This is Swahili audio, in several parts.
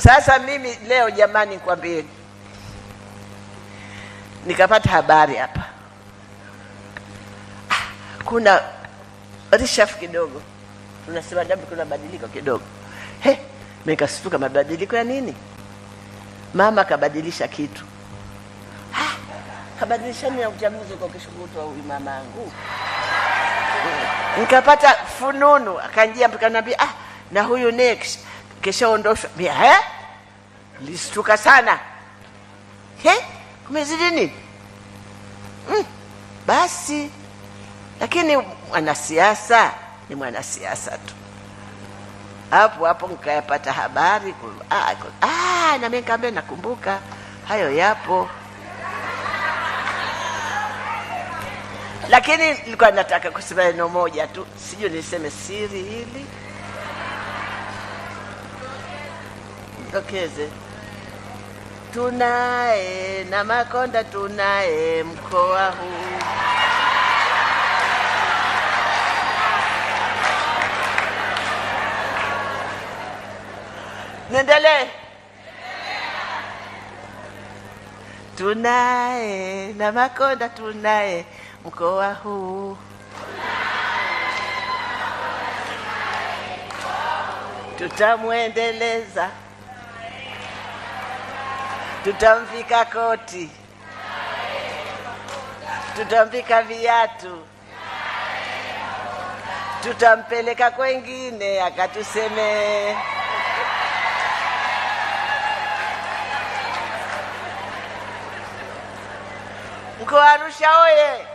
Sasa mimi leo jamani, nikwambieni, nikapata habari hapa, kuna rishaf kidogo, tunasema dabu, kuna badiliko kidogo. He, nikasituka, mabadiliko ya nini? Mama kabadilisha kitu. Ha, kabadilisha Uchaguzi kwa kishugutwa huyu mamaangu Nikapata fununu, akanjia mkanambia, ah, na huyu next kishaondoshwa eh? listuka sana He? Eh? nini? Mm, basi lakini mwanasiasa ni mwanasiasa tu. Hapo hapo nkayapata habari ah, ah, nakumbuka hayo yapo lakini nilikuwa nataka kusema neno moja tu, sijui niseme siri hili. jitokeze. Tunaye na Makonda, tunaye mkoa huu. Niendelee. Tunaye na Makonda, tunaye mkoa huu tutamwendeleza tutamvika koti, tutamvika viatu, tutampeleka kwengine akatusemee. Mkoa Arusha oye!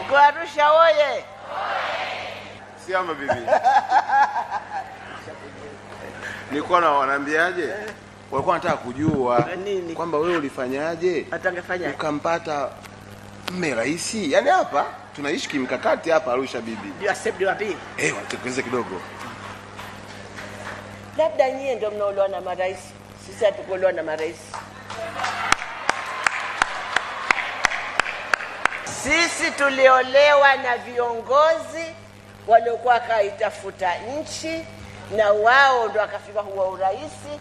Mkoa Arusha oye! Siama bibi nilikuwa na wanaambiaje? walikuwa wanataka kujua kwamba wewe ulifanyaje ukampata mme rais. Yani hapa tunaishi kimkakati hapa Arusha bibi, eh, watukuze kidogo. Labda nyie ndio mnaolewa na marais, sisi hatukuolewa na marais. Sisi tuliolewa na viongozi waliokuwa wakaitafuta nchi na wao ndo wakafika huwa urahisi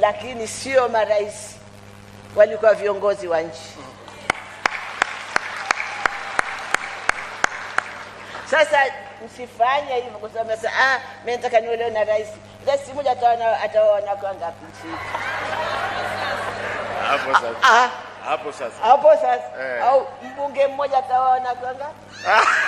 lakini sio marais, walikuwa viongozi wa nchi. Sasa msifanye hivyo, kwa sababu sasa ah, mimi nataka niolewe na rais. Rais mmoja ataona ataona kwa ngapi nchi hapo sasa? Hapo sasa, hapo eh. sasa, au mbunge mmoja ataona kwa ngapi?